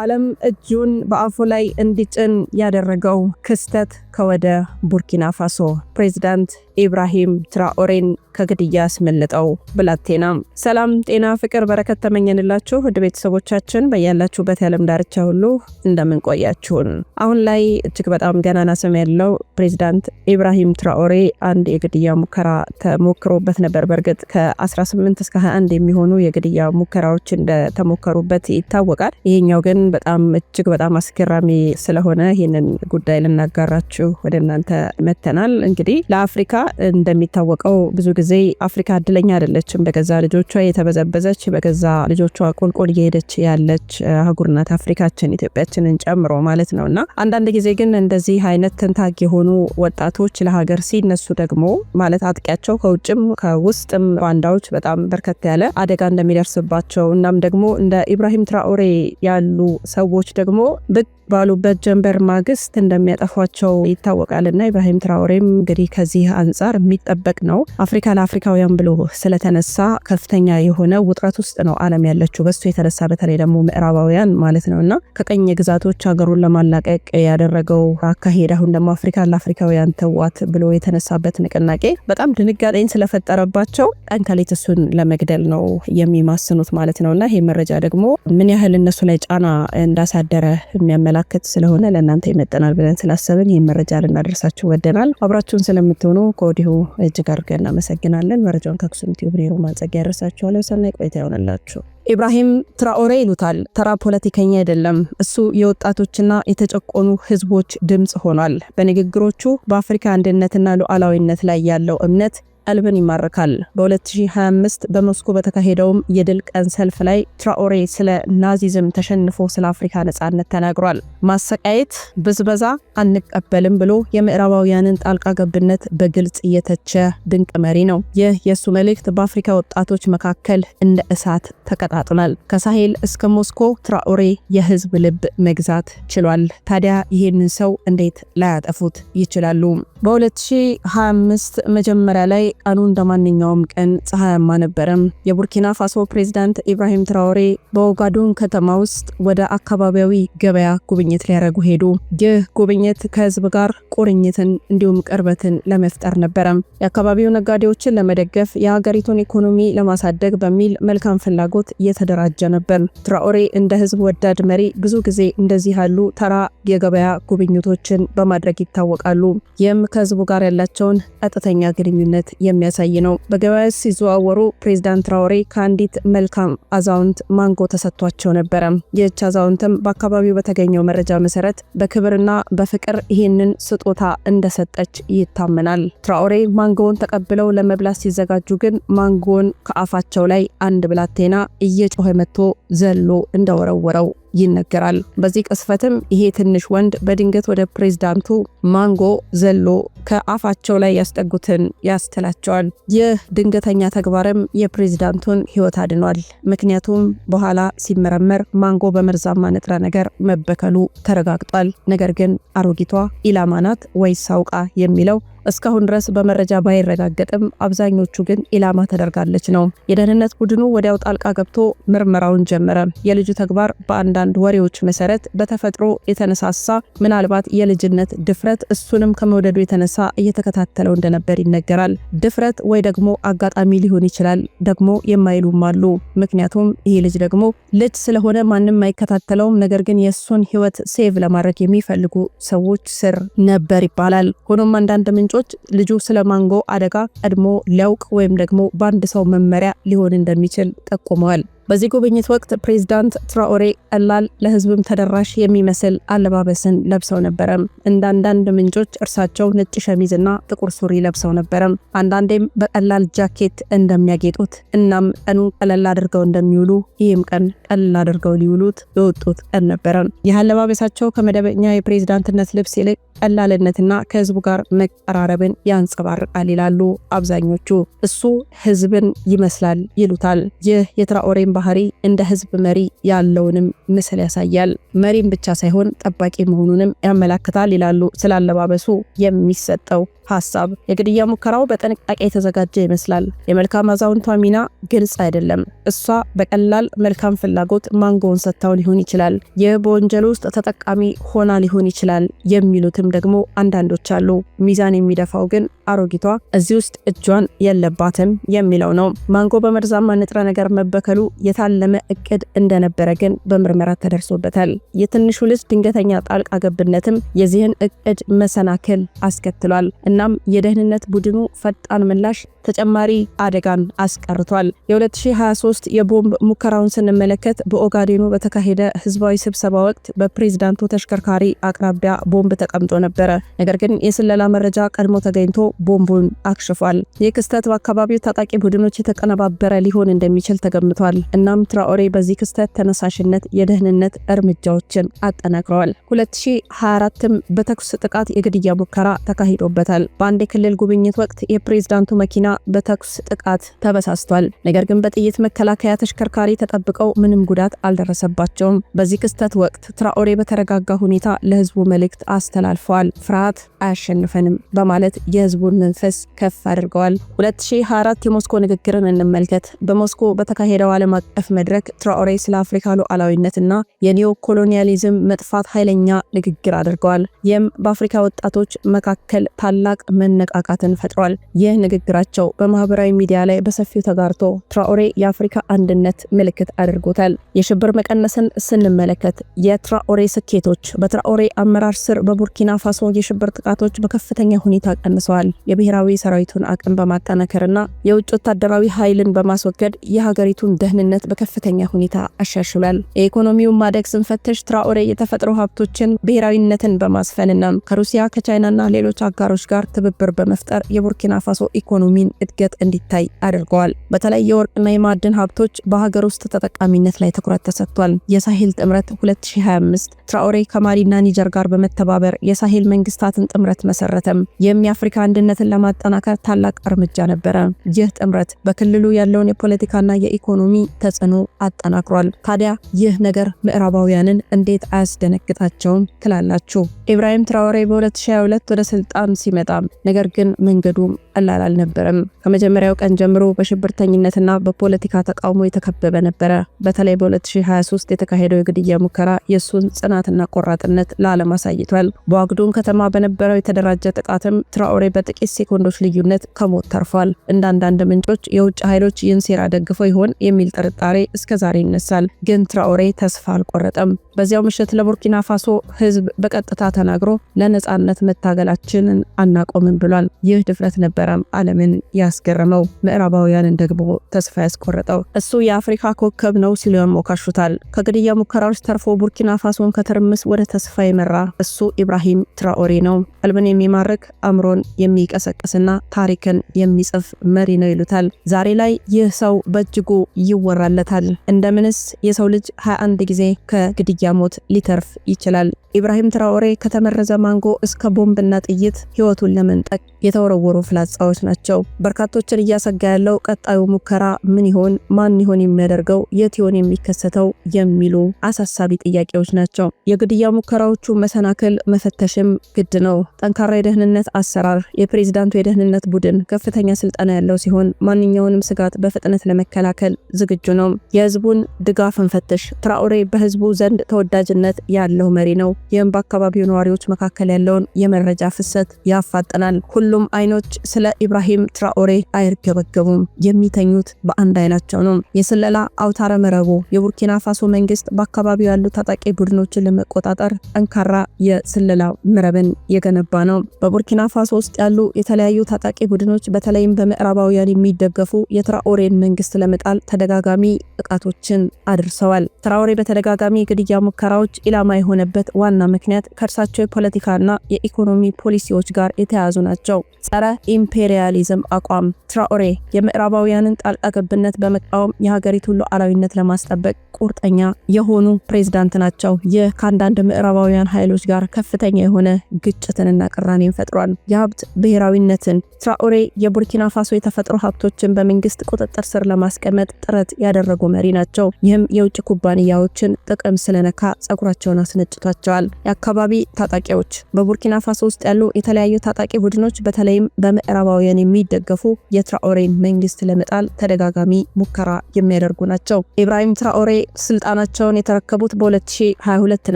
ዓለም እጁን በአፉ ላይ እንዲጭን ያደረገው ክስተት ከወደ ቡርኪና ፋሶ ፕሬዚዳንት ኢብራሂም ትራኦሬን ከግድያ ያስመለጠው ብላቴና። ሰላም፣ ጤና፣ ፍቅር፣ በረከት ተመኘንላችሁ ውድ ቤተሰቦቻችን በያላችሁበት የዓለም ዳርቻ ሁሉ እንደምንቆያችሁን። አሁን ላይ እጅግ በጣም ገናና ስም ያለው ፕሬዚዳንት ኢብራሂም ትራኦሬ አንድ የግድያ ሙከራ ተሞክሮበት ነበር። በእርግጥ ከ18 እስከ 21 የሚሆኑ የግድያ ሙከራዎች እንደተሞከሩበት ይታወቃል። ይሄኛው ግን በጣም እጅግ በጣም አስገራሚ ስለሆነ ይህንን ጉዳይ ልናጋራችሁ ወደ እናንተ መተናል። እንግዲህ ለአፍሪካ እንደሚታወቀው ብዙ ጊዜ ስለዚህ አፍሪካ እድለኛ አይደለችም። በገዛ ልጆቿ የተበዘበዘች በገዛ ልጆቿ ቁልቁል እየሄደች ያለች አህጉር ናት አፍሪካችን ኢትዮጵያችንን ጨምሮ ማለት ነው። እና አንዳንድ ጊዜ ግን እንደዚህ አይነት ትንታግ የሆኑ ወጣቶች ለሀገር ሲነሱ ደግሞ ማለት አጥቂያቸው ከውጭም ከውስጥም ባንዳዎች በጣም በርከት ያለ አደጋ እንደሚደርስባቸው እናም ደግሞ እንደ ኢብራሂም ትራኦሬ ያሉ ሰዎች ደግሞ ብቅ ባሉበት ጀንበር ማግስት እንደሚያጠፏቸው ይታወቃል። እና ኢብራሂም ትራውሬም እንግዲህ ከዚህ አንጻር የሚጠበቅ ነው። አፍሪካ ለአፍሪካውያን ብሎ ስለተነሳ ከፍተኛ የሆነ ውጥረት ውስጥ ነው ዓለም ያለችው በሱ የተነሳ በተለይ ደግሞ ምዕራባውያን ማለት ነው እና ከቀኝ ግዛቶች ሀገሩን ለማላቀቅ ያደረገው አካሄድ አሁን ደግሞ አፍሪካ ለአፍሪካውያን ተዋት ብሎ የተነሳበት ንቅናቄ በጣም ድንጋጤን ስለፈጠረባቸው ጠንከሌት እሱን ለመግደል ነው የሚማስኑት ማለት ነው እና ይሄ መረጃ ደግሞ ምን ያህል እነሱ ላይ ጫና እንዳሳደረ የሚያመላ የሚያመላክት ስለሆነ ለእናንተ ይመጠናል ብለን ስላሰብን ይህን መረጃ ልናደርሳችሁ ወደናል። አብራችሁን ስለምትሆኑ ከወዲሁ እጅግ አድርገን እናመሰግናለን። መረጃውን ከአክሱም ቲዩብ ሮማን ጸጋ ያደርሳችኋለሁ። ሰናይ ቆይታ ይሆንላችሁ። ኢብራሂም ትራኦሬ ይሉታል። ተራ ፖለቲከኛ አይደለም። እሱ የወጣቶችና የተጨቆኑ ህዝቦች ድምፅ ሆኗል። በንግግሮቹ በአፍሪካ አንድነትና ሉዓላዊነት ላይ ያለው እምነት ቀልብን ይማርካል። በ2025 በሞስኮ በተካሄደውም የድል ቀን ሰልፍ ላይ ትራኦሬ ስለ ናዚዝም ተሸንፎ ስለ አፍሪካ ነጻነት ተናግሯል። ማሰቃየት፣ ብዝበዛ አንቀበልም ብሎ የምዕራባውያንን ጣልቃ ገብነት በግልጽ እየተቸ ድንቅ መሪ ነው። ይህ የእሱ መልእክት በአፍሪካ ወጣቶች መካከል እንደ እሳት ተቀጣጥሏል። ከሳሄል እስከ ሞስኮ ትራኦሬ የህዝብ ልብ መግዛት ችሏል። ታዲያ ይህንን ሰው እንዴት ላያጠፉት ይችላሉ? በ2025 መጀመሪያ ላይ ቀኑ እንደ ማንኛውም ቀን ፀሐያማ ነበረም። የቡርኪና ፋሶ ፕሬዚዳንት ኢብራሂም ትራኦሬ በኦጋዱን ከተማ ውስጥ ወደ አካባቢያዊ ገበያ ጉብኝት ሊያደርጉ ሄዱ። ይህ ጉብኝት ከህዝብ ጋር ቁርኝትን እንዲሁም ቅርበትን ለመፍጠር ነበረም። የአካባቢው ነጋዴዎችን ለመደገፍ የሀገሪቱን ኢኮኖሚ ለማሳደግ በሚል መልካም ፍላጎት ፍላጎት የተደራጀ ነበር። ትራኦሬ እንደ ህዝብ ወዳድ መሪ ብዙ ጊዜ እንደዚህ ያሉ ተራ የገበያ ጉብኝቶችን በማድረግ ይታወቃሉ። ይህም ከህዝቡ ጋር ያላቸውን ቀጥተኛ ግንኙነት የሚያሳይ ነው። በገበያ ሲዘዋወሩ ፕሬዚዳንት ትራኦሬ ከአንዲት መልካም አዛውንት ማንጎ ተሰጥቷቸው ነበረ። ይህች አዛውንትም በአካባቢው በተገኘው መረጃ መሰረት በክብርና በፍቅር ይህንን ስጦታ እንደሰጠች ይታመናል። ትራኦሬ ማንጎውን ተቀብለው ለመብላት ሲዘጋጁ ግን ማንጎውን ከአፋቸው ላይ አንድ ብላቴና እየጮኸ መጥቶ ዘሎ እንደወረወረው ይነገራል። በዚህ ቅስፈትም ይሄ ትንሽ ወንድ በድንገት ወደ ፕሬዝዳንቱ ማንጎ ዘሎ ከአፋቸው ላይ ያስጠጉትን ያስተላቸዋል። ይህ ድንገተኛ ተግባርም የፕሬዝዳንቱን ሕይወት አድኗል። ምክንያቱም በኋላ ሲመረመር ማንጎ በመርዛማ ንጥረ ነገር መበከሉ ተረጋግጧል። ነገር ግን አሮጊቷ ኢላማ ናት ወይስ አውቃ የሚለው እስካሁን ድረስ በመረጃ ባይረጋገጥም አብዛኞቹ ግን ኢላማ ተደርጋለች ነው። የደህንነት ቡድኑ ወዲያው ጣልቃ ገብቶ ምርመራውን ጀመረ። የልጁ ተግባር በአንዳንድ ወሬዎች መሰረት በተፈጥሮ የተነሳሳ ምናልባት የልጅነት ድፍረት እሱንም ከመውደዱ የተነሳ እየተከታተለው እንደነበር ይነገራል። ድፍረት ወይ ደግሞ አጋጣሚ ሊሆን ይችላል፣ ደግሞ የማይሉም አሉ። ምክንያቱም ይሄ ልጅ ደግሞ ልጅ ስለሆነ ማንም አይከታተለውም። ነገር ግን የእሱን ህይወት ሴቭ ለማድረግ የሚፈልጉ ሰዎች ስር ነበር ይባላል። ሆኖም አንዳንድ ምንጮ ምንጮች ልጁ ስለ ማንጎ አደጋ ቀድሞ ሊያውቅ ወይም ደግሞ በአንድ ሰው መመሪያ ሊሆን እንደሚችል ጠቁመዋል። በዚህ ጉብኝት ወቅት ፕሬዚዳንት ትራኦሬ ቀላል ለህዝብም ተደራሽ የሚመስል አለባበስን ለብሰው ነበረ። እንደ አንዳንድ ምንጮች እርሳቸው ነጭ ሸሚዝ እና ጥቁር ሱሪ ለብሰው ነበረ። አንዳንዴም በቀላል ጃኬት እንደሚያጌጡት እናም ቀኑ ቀለል አድርገው እንደሚውሉ ይህም ቀን ቀለል አድርገው ሊውሉት የወጡት ቀን ነበረ። ይህ አለባበሳቸው ከመደበኛ የፕሬዝዳንትነት ልብስ ይልቅ ቀላልነትና ከህዝቡ ጋር መቀራረብን ያንጸባርቃል ይላሉ አብዛኞቹ። እሱ ህዝብን ይመስላል ይሉታል። ይህ የትራኦሬን ባህሪ እንደ ህዝብ መሪ ያለውንም ምስል ያሳያል። መሪም ብቻ ሳይሆን ጠባቂ መሆኑንም ያመላክታል ይላሉ ስላለባበሱ የሚሰጠው ሀሳብ የግድያ ሙከራው በጥንቃቄ የተዘጋጀ ይመስላል። የመልካም አዛውንቷ ሚና ግልጽ አይደለም። እሷ በቀላል መልካም ፍላጎት ማንጎውን ሰጥታው ሊሆን ይችላል። ይህ በወንጀል ውስጥ ተጠቃሚ ሆና ሊሆን ይችላል የሚሉትም ደግሞ አንዳንዶች አሉ። ሚዛን የሚደፋው ግን አሮጊቷ እዚህ ውስጥ እጇን የለባትም የሚለው ነው። ማንጎ በመርዛማ ንጥረ ነገር መበከሉ የታለመ እቅድ እንደነበረ ግን በምርመራ ተደርሶበታል። የትንሹ ልጅ ድንገተኛ ጣልቃ ገብነትም የዚህን እቅድ መሰናክል አስከትሏል። እናም የደህንነት ቡድኑ ፈጣን ምላሽ ተጨማሪ አደጋን አስቀርቷል። የ2023 የቦምብ ሙከራውን ስንመለከት በኦጋዴኑ በተካሄደ ህዝባዊ ስብሰባ ወቅት በፕሬዝዳንቱ ተሽከርካሪ አቅራቢያ ቦምብ ተቀምጦ ነበረ። ነገር ግን የስለላ መረጃ ቀድሞ ተገኝቶ ቦምቡን አክሽፏል። ይህ ክስተት በአካባቢው ታጣቂ ቡድኖች የተቀነባበረ ሊሆን እንደሚችል ተገምቷል። እናም ትራኦሬ በዚህ ክስተት ተነሳሽነት የደህንነት እርምጃዎችን አጠናክረዋል። 2024ም በተኩስ ጥቃት የግድያ ሙከራ ተካሂዶበታል። በአንድ የክልል ጉብኝት ወቅት የፕሬዝዳንቱ መኪና በተኩስ ጥቃት ተበሳስቷል። ነገር ግን በጥይት መከላከያ ተሽከርካሪ ተጠብቀው ምንም ጉዳት አልደረሰባቸውም። በዚህ ክስተት ወቅት ትራኦሬ በተረጋጋ ሁኔታ ለህዝቡ መልእክት አስተላልፈዋል። ፍርሃት አያሸንፈንም በማለት የህዝቡን መንፈስ ከፍ አድርገዋል። 2024 የሞስኮ ንግግርን እንመልከት። በሞስኮ በተካሄደው ዓለም አቀፍ መድረክ ትራኦሬ ስለ አፍሪካ ሉዓላዊነትና የኒዮ ኮሎኒያሊዝም መጥፋት ኃይለኛ ንግግር አድርገዋል። ይህም በአፍሪካ ወጣቶች መካከል ታላቅ ታላቅ መነቃቃትን ፈጥሯል። ይህ ንግግራቸው በማህበራዊ ሚዲያ ላይ በሰፊው ተጋርቶ ትራኦሬ የአፍሪካ አንድነት ምልክት አድርጎታል። የሽብር መቀነስን ስንመለከት የትራኦሬ ስኬቶች በትራኦሬ አመራር ስር በቡርኪና ፋሶ የሽብር ጥቃቶች በከፍተኛ ሁኔታ ቀንሰዋል። የብሔራዊ ሰራዊቱን አቅም በማጠናከርና የውጭ ወታደራዊ ኃይልን በማስወገድ የሀገሪቱን ደህንነት በከፍተኛ ሁኔታ አሻሽሏል። የኢኮኖሚውን ማደግ ስንፈትሽ ትራኦሬ የተፈጥሮ ሀብቶችን ብሔራዊነትን በማስፈንና ከሩሲያ ከቻይናና ሌሎች አጋሮች ጋር ትብብር በመፍጠር የቡርኪና ፋሶ ኢኮኖሚን እድገት እንዲታይ አድርገዋል። በተለይ የወርቅና የማዕድን ሀብቶች በሀገር ውስጥ ተጠቃሚነት ላይ ትኩረት ተሰጥቷል። የሳሄል ጥምረት 2025 ትራኦሬ ከማሊና ኒጀር ጋር በመተባበር የሳሄል መንግስታትን ጥምረት መሰረተም። ይህም የአፍሪካ አንድነትን ለማጠናከር ታላቅ እርምጃ ነበረ። ይህ ጥምረት በክልሉ ያለውን የፖለቲካና የኢኮኖሚ ተጽዕኖ አጠናክሯል። ታዲያ ይህ ነገር ምዕራባውያንን እንዴት አያስደነግጣቸውም ትላላችሁ? ኢብራሂም ትራኦሬ በ2022 ወደ ስልጣን ሲመጣ አይመጣም። ነገር ግን መንገዱም ቀላል አልነበረም። ከመጀመሪያው ቀን ጀምሮ በሽብርተኝነትና በፖለቲካ ተቃውሞ የተከበበ ነበረ። በተለይ በ2023 የተካሄደው የግድያ ሙከራ የእሱን ጽናትና ቆራጥነት ለዓለም አሳይቷል። በዋግዶን ከተማ በነበረው የተደራጀ ጥቃትም ትራኦሬ በጥቂት ሴኮንዶች ልዩነት ከሞት ተርፏል። እንደ አንዳንድ ምንጮች የውጭ ኃይሎች ይህን ሴራ ደግፈው ይሆን የሚል ጥርጣሬ እስከዛሬ ይነሳል። ግን ትራኦሬ ተስፋ አልቆረጠም። በዚያው ምሽት ለቡርኪና ፋሶ ሕዝብ በቀጥታ ተናግሮ ለነፃነት መታገላችንን አናቆምም ብሏል። ይህ ድፍረት ነበር። ነበረም ዓለምን ያስገረመው ምዕራባውያንን ደግሞ ተስፋ ያስቆረጠው። እሱ የአፍሪካ ኮከብ ነው ሲሉ ያሞካሹታል። ከግድያ ሙከራዎች ተርፎ ቡርኪና ፋሶን ከትርምስ ወደ ተስፋ የመራ እሱ ኢብራሂም ትራኦሬ ነው። ቀልብን የሚማርክ አእምሮን የሚቀሰቅስና ታሪክን የሚጽፍ መሪ ነው ይሉታል። ዛሬ ላይ ይህ ሰው በእጅጉ ይወራለታል። እንደምንስ የሰው ልጅ 21 ጊዜ ከግድያ ሞት ሊተርፍ ይችላል? ኢብራሂም ትራኦሬ ከተመረዘ ማንጎ እስከ ቦምብና ጥይት ህይወቱን ለመንጠቅ የተወረወሩ ፍላጻ ገጻዎች ናቸው። በርካቶችን እያሰጋ ያለው ቀጣዩ ሙከራ ምን ይሆን? ማን ይሆን የሚያደርገው? የት ይሆን የሚከሰተው? የሚሉ አሳሳቢ ጥያቄዎች ናቸው። የግድያ ሙከራዎቹ መሰናክል መፈተሽም ግድ ነው። ጠንካራ የደህንነት አሰራር፣ የፕሬዚዳንቱ የደህንነት ቡድን ከፍተኛ ስልጠና ያለው ሲሆን ማንኛውንም ስጋት በፍጥነት ለመከላከል ዝግጁ ነው። የህዝቡን ድጋፍ እንፈትሽ። ትራኦሬ በህዝቡ ዘንድ ተወዳጅነት ያለው መሪ ነው። ይህም በአካባቢው ነዋሪዎች መካከል ያለውን የመረጃ ፍሰት ያፋጥናል። ሁሉም አይኖች ስለ ኢብራሂም ትራኦሬ አይርገበገቡም። የሚተኙት በአንድ አይናቸው ነው። የስለላ አውታረ መረቡ የቡርኪና ፋሶ መንግስት በአካባቢው ያሉ ታጣቂ ቡድኖችን ለመቆጣጠር ጠንካራ የስለላ መረብን የገነባ ነው። በቡርኪና ፋሶ ውስጥ ያሉ የተለያዩ ታጣቂ ቡድኖች በተለይም በምዕራባውያን የሚደገፉ የትራኦሬን መንግስት ለመጣል ተደጋጋሚ ጥቃቶችን አድርሰዋል። ትራኦሬ በተደጋጋሚ የግድያ ሙከራዎች ኢላማ የሆነበት ዋና ምክንያት ከእርሳቸው የፖለቲካና የኢኮኖሚ ፖሊሲዎች ጋር የተያያዙ ናቸው። ጸረ የኢምፔሪያሊዝም አቋም ትራኦሬ የምዕራባውያንን ጣልቃ ገብነት በመቃወም የሀገሪቱን ሉዓላዊነት ለማስጠበቅ ቁርጠኛ የሆኑ ፕሬዝዳንት ናቸው። ይህ ከአንዳንድ ምዕራባውያን ኃይሎች ጋር ከፍተኛ የሆነ ግጭትንና ቅራኔን ፈጥሯል። የሀብት ብሔራዊነትን ትራኦሬ የቡርኪና ፋሶ የተፈጥሮ ሀብቶችን በመንግስት ቁጥጥር ስር ለማስቀመጥ ጥረት ያደረጉ መሪ ናቸው። ይህም የውጭ ኩባንያዎችን ጥቅም ስለነካ ጸጉራቸውን አስነጭቷቸዋል። የአካባቢ ታጣቂዎች በቡርኪና ፋሶ ውስጥ ያሉ የተለያዩ ታጣቂ ቡድኖች በተለይም በምዕራ በምዕራባውያን የሚደገፉ የትራኦሬን መንግስት ለመጣል ተደጋጋሚ ሙከራ የሚያደርጉ ናቸው። ኢብራሂም ትራኦሬ ስልጣናቸውን የተረከቡት በ2022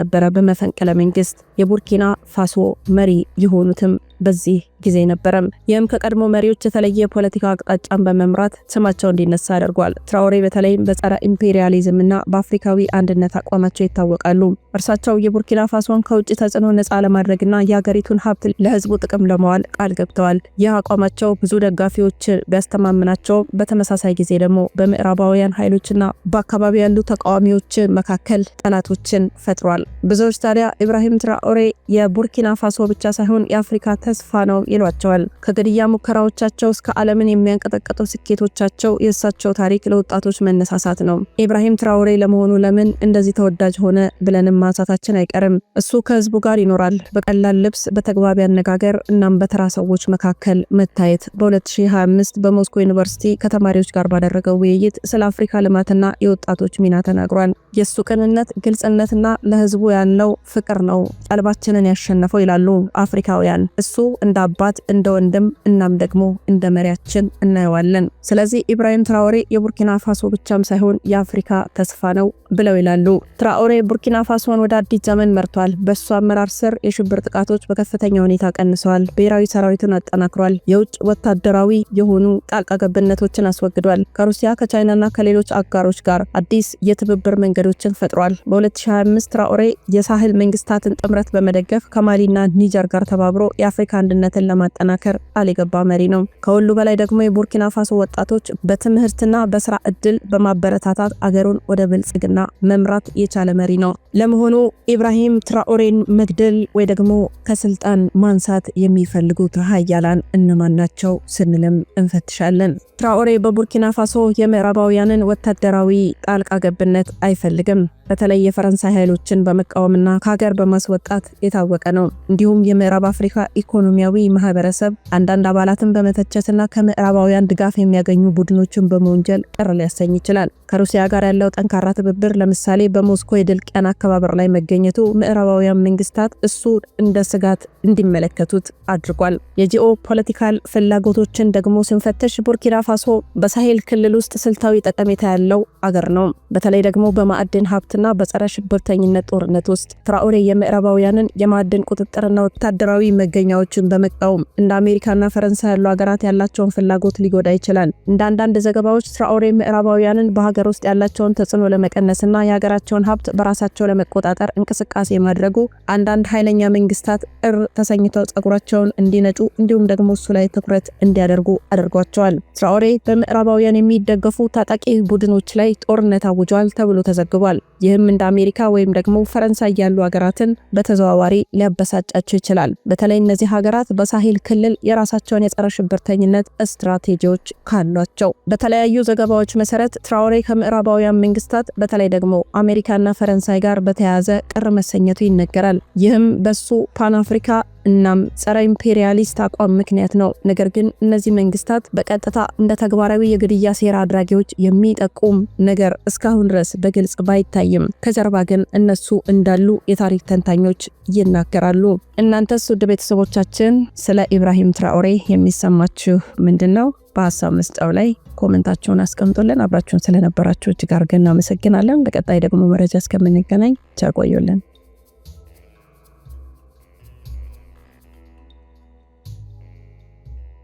ነበረ በመፈንቅለ መንግስት የቡርኪና ፋሶ መሪ የሆኑትም በዚህ ጊዜ ነበረም። ይህም ከቀድሞ መሪዎች የተለየ የፖለቲካ አቅጣጫን በመምራት ስማቸው እንዲነሳ አድርጓል። ትራውሬ በተለይም በጸረ ኢምፔሪያሊዝም እና በአፍሪካዊ አንድነት አቋማቸው ይታወቃሉ። እርሳቸው የቡርኪና ፋሶን ከውጭ ተጽዕኖ ነጻ ለማድረግና የሀገሪቱን ሀብት ለህዝቡ ጥቅም ለመዋል ቃል ገብተዋል። ይህ አቋማቸው ብዙ ደጋፊዎች ቢያስተማምናቸው፣ በተመሳሳይ ጊዜ ደግሞ በምዕራባውያን ኃይሎችና በአካባቢ ያሉ ተቃዋሚዎች መካከል ጠላቶችን ፈጥሯል። ብዙዎች ታዲያ ኢብራሂም ትራኦሬ የቡርኪና ፋሶ ብቻ ሳይሆን የአፍሪካ ተስፋ ነው ይሏቸዋል። ከግድያ ሙከራዎቻቸው እስከ ዓለምን የሚያንቀጠቀጡ ስኬቶቻቸው የእሳቸው ታሪክ ለወጣቶች መነሳሳት ነው። ኢብራሂም ትራውሬ ለመሆኑ ለምን እንደዚህ ተወዳጅ ሆነ ብለንም ማንሳታችን አይቀርም። እሱ ከህዝቡ ጋር ይኖራል። በቀላል ልብስ፣ በተግባቢ አነጋገር እናም በተራ ሰዎች መካከል መታየት። በ2025 በሞስኮ ዩኒቨርሲቲ ከተማሪዎች ጋር ባደረገው ውይይት ስለ አፍሪካ ልማትና የወጣቶች ሚና ተናግሯል። የእሱ ቅንነት፣ ግልጽነትና ለህዝቡ ያለው ፍቅር ነው ቀልባችንን ያሸነፈው ይላሉ አፍሪካውያን። እሱ እንደ አባት፣ እንደ ወንድም እናም ደግሞ እንደ መሪያችን እናየዋለን። ስለዚህ ኢብራሂም ትራኦሬ የቡርኪና ፋሶ ብቻም ሳይሆን የአፍሪካ ተስፋ ነው ብለው ይላሉ። ትራኦሬ ቡርኪና ፋሶን ወደ አዲስ ዘመን መርቷል። በእሱ አመራር ስር የሽብር ጥቃቶች በከፍተኛ ሁኔታ ቀንሰዋል። ብሔራዊ ሰራዊቱን አጠናክሯል። የውጭ ወታደራዊ የሆኑ ጣልቃ ገብነቶችን አስወግዷል። ከሩሲያ ከቻይናና ከሌሎች አጋሮች ጋር አዲስ የትብብር መንገድ መንገዶችን ፈጥሯል። በ2025 ትራኦሬ የሳህል መንግስታትን ጥምረት በመደገፍ ከማሊና ኒጀር ጋር ተባብሮ የአፍሪካ አንድነትን ለማጠናከር ቃል የገባ መሪ ነው። ከሁሉ በላይ ደግሞ የቡርኪና ፋሶ ወጣቶች በትምህርትና በስራ እድል በማበረታታት አገሩን ወደ ብልጽግና መምራት የቻለ መሪ ነው። ለመሆኑ ኢብራሂም ትራኦሬን መግደል ወይ ደግሞ ከስልጣን ማንሳት የሚፈልጉት ሀያላን እነማን ናቸው ስንልም እንፈትሻለን። ትራኦሬ በቡርኪና ፋሶ የምዕራባውያንን ወታደራዊ ጣልቃ ገብነት አይፈልግም። አይፈልግም። በተለይ የፈረንሳይ ኃይሎችን በመቃወምና ከሀገር በማስወጣት የታወቀ ነው። እንዲሁም የምዕራብ አፍሪካ ኢኮኖሚያዊ ማህበረሰብ አንዳንድ አባላትን በመተቸትና ከምዕራባውያን ድጋፍ የሚያገኙ ቡድኖችን በመወንጀል ቅር ሊያሰኝ ይችላል። ከሩሲያ ጋር ያለው ጠንካራ ትብብር ለምሳሌ በሞስኮ የድል ቀን አከባበር ላይ መገኘቱ ምዕራባውያን መንግስታት እሱ እንደ ስጋት እንዲመለከቱት አድርጓል። የጂኦ ፖለቲካል ፍላጎቶችን ደግሞ ስንፈትሽ ቡርኪና ፋሶ በሳሄል ክልል ውስጥ ስልታዊ ጠቀሜታ ያለው አገር ነው። በተለይ ደግሞ በማ የማዕድን ሀብትና በጸረ ሽብርተኝነት ጦርነት ውስጥ ትራኦሬ የምዕራባውያንን የማዕድን ቁጥጥርና ወታደራዊ መገኛዎችን በመቃወም እንደ አሜሪካና ፈረንሳይ ያሉ ሀገራት ያላቸውን ፍላጎት ሊጎዳ ይችላል። እንደ አንዳንድ ዘገባዎች ትራኦሬ ምዕራባውያንን በሀገር ውስጥ ያላቸውን ተጽዕኖ ለመቀነስና የሀገራቸውን ሀብት በራሳቸው ለመቆጣጠር እንቅስቃሴ ማድረጉ አንዳንድ ኃይለኛ መንግስታት እር ተሰኝተው ጸጉራቸውን እንዲነጩ እንዲሁም ደግሞ እሱ ላይ ትኩረት እንዲያደርጉ አድርጓቸዋል። ትራኦሬ በምዕራባውያን የሚደገፉ ታጣቂ ቡድኖች ላይ ጦርነት አውጇል ተብሎ ተዘግ ተዘግቧል። ይህም እንደ አሜሪካ ወይም ደግሞ ፈረንሳይ ያሉ ሀገራትን በተዘዋዋሪ ሊያበሳጫቸው ይችላል። በተለይ እነዚህ ሀገራት በሳሄል ክልል የራሳቸውን የጸረ ሽብርተኝነት ስትራቴጂዎች ካሏቸው። በተለያዩ ዘገባዎች መሰረት ትራውሬ ከምዕራባውያን መንግስታት በተለይ ደግሞ አሜሪካና ፈረንሳይ ጋር በተያያዘ ቅር መሰኘቱ ይነገራል። ይህም በሱ ፓን አፍሪካ እናም ጸረ ኢምፔሪያሊስት አቋም ምክንያት ነው። ነገር ግን እነዚህ መንግስታት በቀጥታ እንደ ተግባራዊ የግድያ ሴራ አድራጊዎች የሚጠቁም ነገር እስካሁን ድረስ በግልጽ ባይታይም ከጀርባ ግን እነሱ እንዳሉ የታሪክ ተንታኞች ይናገራሉ። እናንተስ ውድ ቤተሰቦቻችን ስለ ኢብራሂም ትራኦሬ የሚሰማችሁ ምንድን ነው? በሀሳብ መስጫው ላይ ኮመንታችሁን አስቀምጦልን አብራችሁን ስለነበራችሁ እጅግ አድርገን እናመሰግናለን። በቀጣይ ደግሞ መረጃ እስከምንገናኝ ቸር ቆዩልን።